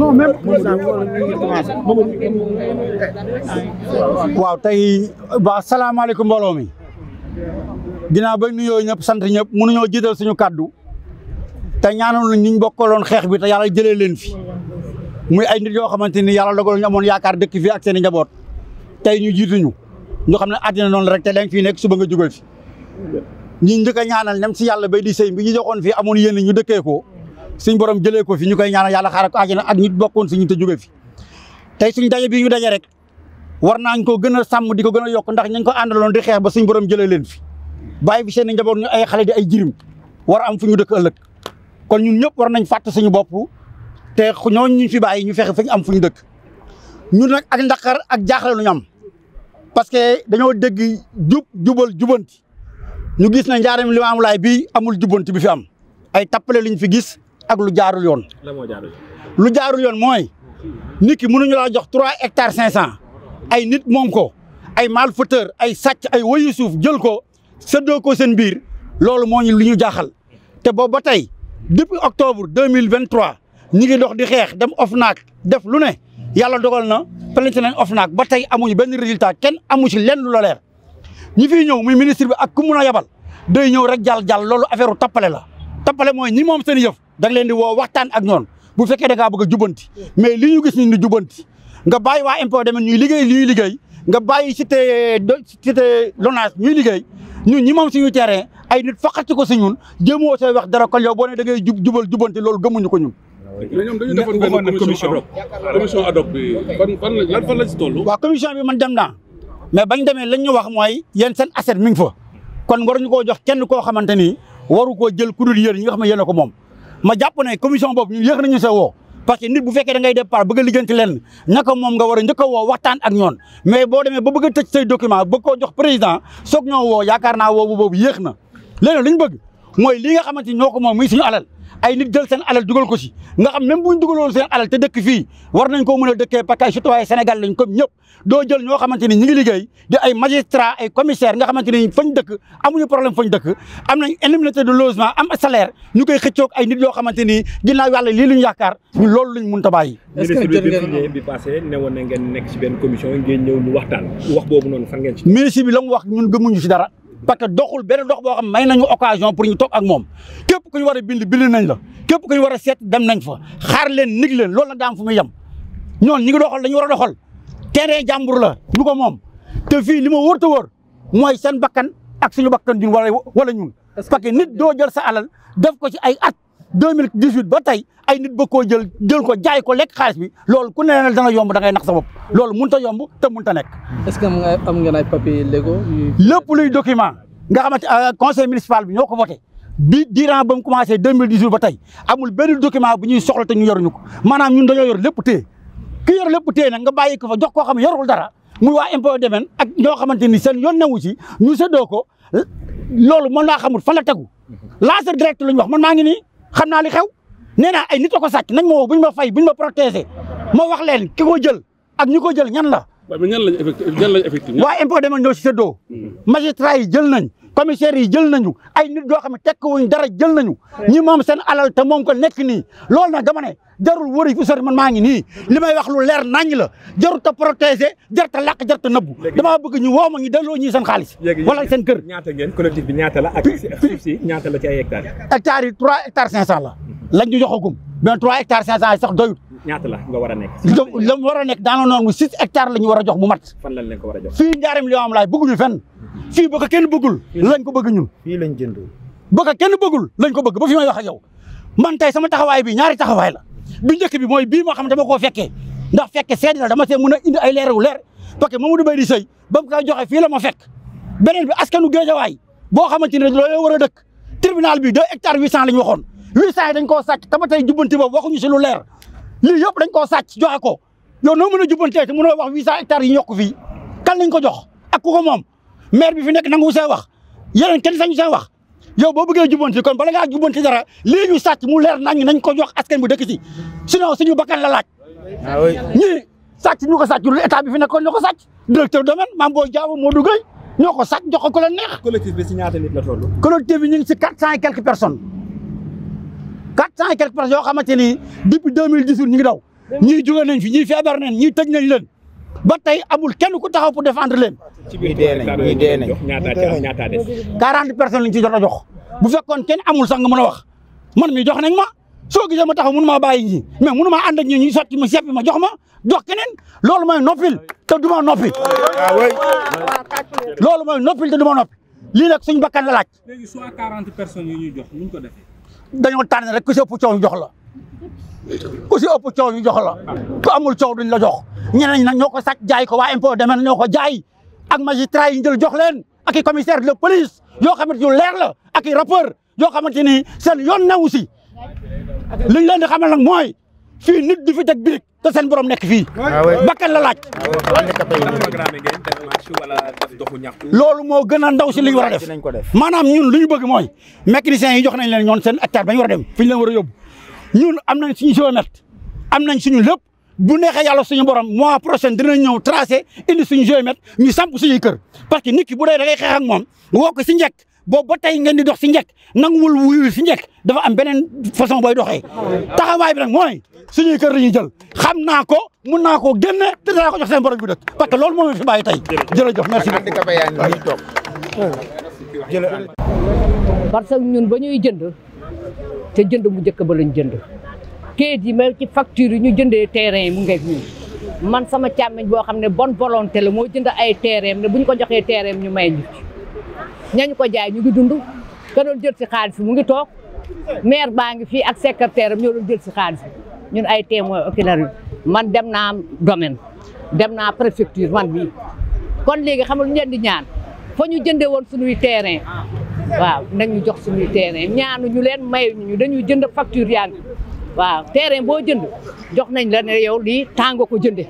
waaw tey waaw salaamaaleykum mbooloo mi ginnaaw ba nuyoo ñëpp sant ñëpp mënuñoo jiital suñu kàddu te ñaanal ñu ñu bokkaloon xeex bi te yàlla jëlee leen fi muy ay nit yoo xamante ni yàlla dogal ñu amoon yaakaar dëkk fii ak seen njaboot tey ñu jiituñu ñu xam ne àddina noonu rek te da nga fii nekk suba nga jógal fi ñi njëkk a ñaanal nem si yàlla bay di sëy bi ñu joxoon fii amoon yéen ñu dëkkee ko. suñ borom jëlee ko fi ñu koy ñaana yàlla xaaral ko àjjana ak ñu bokkoon suñu te jóge fi tey suñ daje bi ñu daje rek war naañ ko gën a sàmm di ko gën a yokk ndax ngi ko àndaloon di xeex ba suñ borom jëlee leen fi bàyyi fi seen njaboot ñu ay xale di ay jirim war am fu ñu dëkk ëllëg kon ñun ñëpp war nañ fàtt suñu bopp te ñooñ ñu fi bàyyi ñu fexe fu am fu ñu dëkk ñun nag ak ndaqar ak jaaxle lu ñu am parce que dañoo dégg jub jubal jubanti ñu gis na njaaram Limaamu Laay bi amul jubanti bi fi am ay tappale liñ fi gis ak lu jaarul yoon. lu jaarul yoon mooy nit ki mënuñu laa jox trois hectares cinq cent ay nit moom ko ay malfaiteur ay sàcc ay wayu suuf jël ko séddoo ko seen biir loolu moo ñu li ñu jaxal te boobu ba tey depuis octobre deux mille vingt trois ngi dox di xeex dem OFNAC def lu ne yàlla dogal na plainte nañ OFNAC ba tey amuñu benn résultat kenn amu ci lenn lu la leer ñi fiy ñëw muy ministre bi ak ku mun a yabal day ñëw rek jaal jaal loolu affaire u tappale la tapale mooy ñi moom seen yëf. da leen di woo waxtaan ak ñoom bu fekkee da ngaa bëgg a jubanti mais li ñu gis ni ñu jubanti nga bàyyi waa impôt demen ñuy liggéey ñuy liggéey nga bàyyi cité cité lonage ñuy liggéey ñun ñi moom suñu terrain ay nit fakkati ko si ñun jéemoo sooy wax dara kon yow boo ne da ngay jub jubal jubanti loolu gëmuñu ko ñun mais ñoom dañu defoon benn commission commission ad hoc bi fan fan la fan la ci toll. waaw commission bi man dem naa mais bañ demee lañ ñu wax mooy yéen seen asset mi ngi fa kon war ñu koo jox kenn koo xamante ni waru koo jël ku dul yéen nga xam ne yéen a ko moom ma jàpp ne commission boobu ñu yéex nañu sa woo parce que nit bu fekkee da ngay départ bëgg a lijjanti lenn naka moom nga war a woo waxtaan ak ñoon mais boo demee ba bëgg a tëj say document bëgg koo jox président soog ñoo woo yaakaar naa woobu boobu yéex na léegi li ñu bëgg mooy li nga xamante ni ñoo ko moom muy suñu alal ay nit jël seen alal dugal ko si nga xam même bu ñu dugaloon seen alal te dëkk fii war nañ koo mën a dëkkee pakaay surtout waaye Sénégal lañ comme ñëpp doo jël ñoo xamante ni ñi ngi liggéey di ay magistrat ay xamante ni fañ dëkk amuñu problème fañ dëkk am nañ indemnité de logement ñu koy xëccoog ay nit yoo xamante ni ginnaaw yàlla lii luñ yaakaar ñu loolu luñ mën ta bàyyi bi passé newoon na ngeen nekk ñu waxtaan wax boobu bi la wax ñun gëmuñu si dara parce que doxul benn dox boo xam may nañu occasion pour ñu toog ak moom képp ku ñu war a bind bind nañ la képp ku ñu war a seet dem nañ fa xaar leen nit leen lool nag daa am fu muy yem ñoon ñi ngi dañu war a doxal terrain jàmbur la ñu ko moom te fii li ma wër te wër mooy seen bakkan ak suñu bakkan ñun wala wala ñun parce que nit doo jël sa alal def ko si ay at deux mille dix huit ba tey ay nit ba koo jël jël ko jaay ko lekk xaalis bi loolu ku ne ne dana yomb da ngay nax sa bopp loolu mun ta yomb te mun ta nekk. est-ce que am nga am ngeen ay papiers légaux. lépp luy document nga xamante euh, conseil municipal bi ñoo ko voté. bi diiran ba mu commencé deux mille dix huit ba tey amul benn document bu ñuy soxla te ñu yoruñu ko maanaam ñun dañoo yor lépp téye ki yor lépp téye nag nga bàyyi ko fa jox koo xam ne yorul dara muy waa impôt domaine ak ñoo xamante ni seen yoon newu ci ñu séddoo ko loolu mën naa xamul fan la tegu lanceur direct la ñu wax man maa ngi nii xam naa li xew nee naa ay nit a ko sàcc nañ ma woo ñu ma fay bu ñu ma protéger ma wax leen ki ko jël ak ñi ko jël ñan la. waaw mais ñan lañ effectif ñan lañ effectif. waa impôt demal ñëw si sa doo yi jël nañ commissaires yi jël nañu ay nit yoo xam ne tekk wuñ dara jël nañu ñi moom seen alal te moom ko nekk nii loolu nag dama ne jarul wëri fu sori man maa ngi nii li may wax lu leer nañ la jarut a protéger jarut a làq jarut a nëbbu damaa bëgg ñu woo ma ñu delloo ñuy seen xaalis wala seen kër ñaata ngeen collectif bi ñaata la ak ñaata la ci ay hectares hectares yi trois hectares cinq cent la lañ ñu joxagum mais trois hectares cinq cent yi sax doyut ñaata la nga war a nekk. la mu war a nekk la war a jox mu mat. fan lañ leen ko war fii njaarim li am laay bëgguñu fenn. fii ba ko kenn bëggul. lañ ko bëgg ñun. fii lañ ko kenn bëggul lañ ko bëgg ba yow man tey sama taxawaay bi ñaari taxawaay la bi njëkk bi mooy bii moo xam dama koo fekkee ndax fekke seede la dama see mën a indi ay leer parce que Mamadou Bay di sëy ba mu koy joxe fii la ma fekk beneen bi askanu géejawaay boo xamante ne loolu war a dëkk tribunal bi deux la ñu waxoon huit cent yi dañ koo lii yëpp dañ ko sàcc joxe ko yow noo mën a jubbantee te mënoo wax huit cent hectares yi ñokk fii kan ko jox ak ku moom maire bi fi nekk nangu seen wax yeneen kenn sañu seen wax yow boo bëggee jubbanti kon bala ngaa jubbanti dara lii ñu sàcc mu leer nañ nañ ko jox askan bu dëkk si sinon suñu bakkan la laaj ah ñii sàcc ñu ko sàcc directeur domaine maam boo jaaw moo duggay ñoo ko sàcc jox ko ku la neex collectif bi si la toll collectif bi ñu ngi si quatre cent et quelques personnes quatre cent et quelques personnes yoo xamante ni depuis deux mille dix huit ñu ngi daw ñii jóge fi ñii feebar nañ ñii tëj nañ leen ba tey amul kenn ku taxaw pour défendre leen. ñii dee nañ ñaata des. quarante personnes lañ ci jot a jox bu fekkoon kenn amul sax nga mën a wax nañ ma soo gisee ma taxaw mënu maa bàyyi ñii mais mënu maa ànd ak ñi ñuy sotti ma seppi ma jox ma jox keneen loolu mooy noppil te du ma noppi. Ah loolu mooy noppil te du ma noppi lii nag suñ bakkan la laaj. léegi soit quarante personnes yi ñuy jox ko defee. dañoo tànn rek ku si ëpp coow ñu jox la ku si ëpp coow ñu jox la ku amul coow duñ la jox ñeneen nag ñoo ko sàcc jaay ko waa impôt demee ñoo ko jaay ak magistrat yi ñu jël jox leen ak i commissaire de police yoo xamante yu leer la aki i rappeur yoo xamante ni seen yoon newu si liñ leen di xamal nag moy fii nit du fi teg birig te seen borom nekk fii. Ah bakkan la laaj. Ah loolu moo gën a ndaw si li ñu war a def. maanaam ñun lu bëgg mooy mécaniciens yi jox nañ leen ñoon seen hectare ba ñu war a dem fi ñu leen war a yóbbu ñun am nañ suñu géomètre am nañ suñu lépp bu neexee yàlla suñu borom mois prochain dinañ ñëw tracé indi suñu géomètre ñu samp suñuy kër parce que nit ki bu dee da ngay ak moom woo ko si njëkk boobu ba tey ngeen di dox si njëkk nanguwul wuyu si njëkk dafa am beneen façon booy doxee ah taxawaay bi nag suñuy kër la ñuy jël xam naa ko mun naa ko génne te dinaa ko jox seen borom bu dëkk parce que loolu moom la fi bàyyi tey jërëjëf merci parce que ñun ba ñuy jënd te jënd mu njëkk ba lañ jënd kayit yi mel ci facture yi ñu jëndee terrain mu ngeeg ñun man sama càmmiñ boo xam ne bonne volonté la moo jënd ay terrain ne bu ñu ko joxee terrain ñu may ñu ci ñañu ko jaay ñu ngi dund ka doon jël si xaalis mu ngi toog maire baa ngi fii ak secrétaire am ñoo doon jël si xaalisi ñun ay témoin oculaire man dem naa domaine dem naa préfecture man bi kon léegi xam nga lu ngeen di ñaan fa ñu jënde woon suñuy terrain waaw nañu jox suñuy terrain ñaanu ñu leen may ñu dañuy jënd facture yaa ngi waaw terrain boo jënd jox nañ la ne yow lii tàngo ko jënde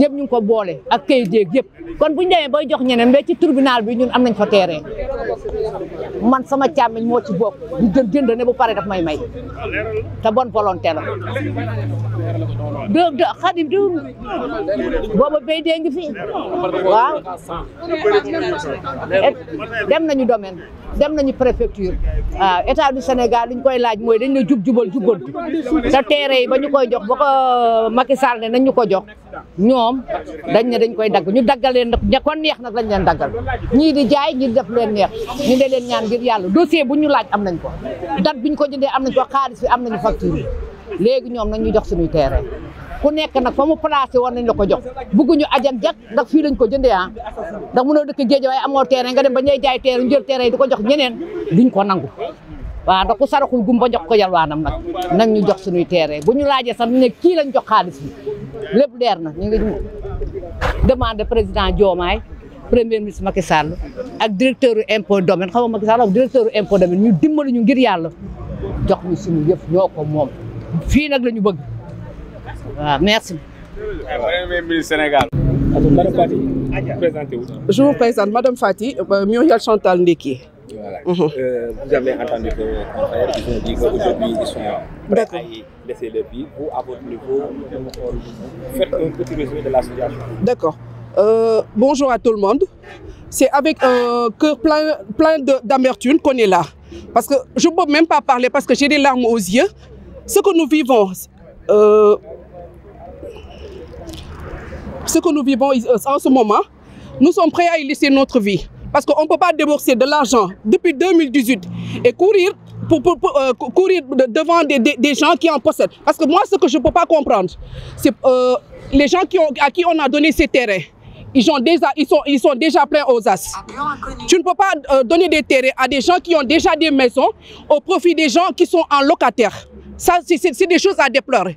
yëpp ñu ngi ko boole ak kayit yépp yëpp kon bu ñu demee bay jox ñeneen mais ci tribunal bi ñun am nañ fa terrain man sama càmmiñ moo ci bokk du jën jënd ne bu pare daf may may te bonne volonté la de de du booba béy dee ngi fi waaw dem nañu domaine dem nañu préfecture waaw ah, état du Sénégal li ñu koy laaj mooy dañ la jub jubal jubbanti te teere yi ba ñu koy jox ba ko euh, Macky Sall ne nañ ñu ko jox ñoom dañ ne dañ koy dagg ñu daggal leen nag ña ko neex nag lañ leen daggal ñii di jaay ñii di def leen neex ñu ne leen ñaan ngir yàlla dossier bu ñu laaj am nañ ko date bi ñu ko jëndee am nañ ko xaalis bi am nañu facture léegi ñoom nañ ñu jox suñuy teere ku nekk nag fa mu placé woon nañ la ko jox bugguñu ajan jak ndax fii lañ ko jëndee ah ndax mënoo dëkk géej waaye amoo terrain nga dem ba ñuy jaay terrain njël terrain yi di ko jox ñeneen duñ ko nangu waaw ndax ku gum ba jox ko waa yalwaanam nag nañ ñu jox suñuy terrain bu ñu laajee sax ne kii lañ jox xaalis bi lépp leer na ñu ngi demandé président Diomaye premier ministre Macky Sall ak directeur u impôt domaine xam nga Macky Sall ak directeur u impôt ñu dimbali ñu ngir yàlla jox ñu suñu yëf ñoo ko moom fii nag lañu bëgg waaw merci. Sénégal. madame Fati présentez vous. je madame Fati Muriel Chantal Ndeki. voilà mhm. euh, que confrères d'accord euh, bonjour à tout le monde c'est avec un cœur plein là parce que je peux même pas parler parce que j'ai des aux yeux ce que nous vivons. Euh, ce que nous vivons euh, en ce moment, nous sommes prêts à y laisser notre vie. Parce qu'on ne peut pas débourser de l'argent depuis 2018 et courir, pour, pour, pour euh, courir devant des, gens qui en possèdent. Parce que moi, ce que je ne peux pas comprendre, c'est euh, les gens qui ont, à qui on a donné ces terrains. Ils, sont, déjà pleins aux as. Tu ne peux pas euh, donner des terrains à des gens qui ont déjà des maisons au profit des gens qui sont en locataire. Ça, c'est des choses à déplorer.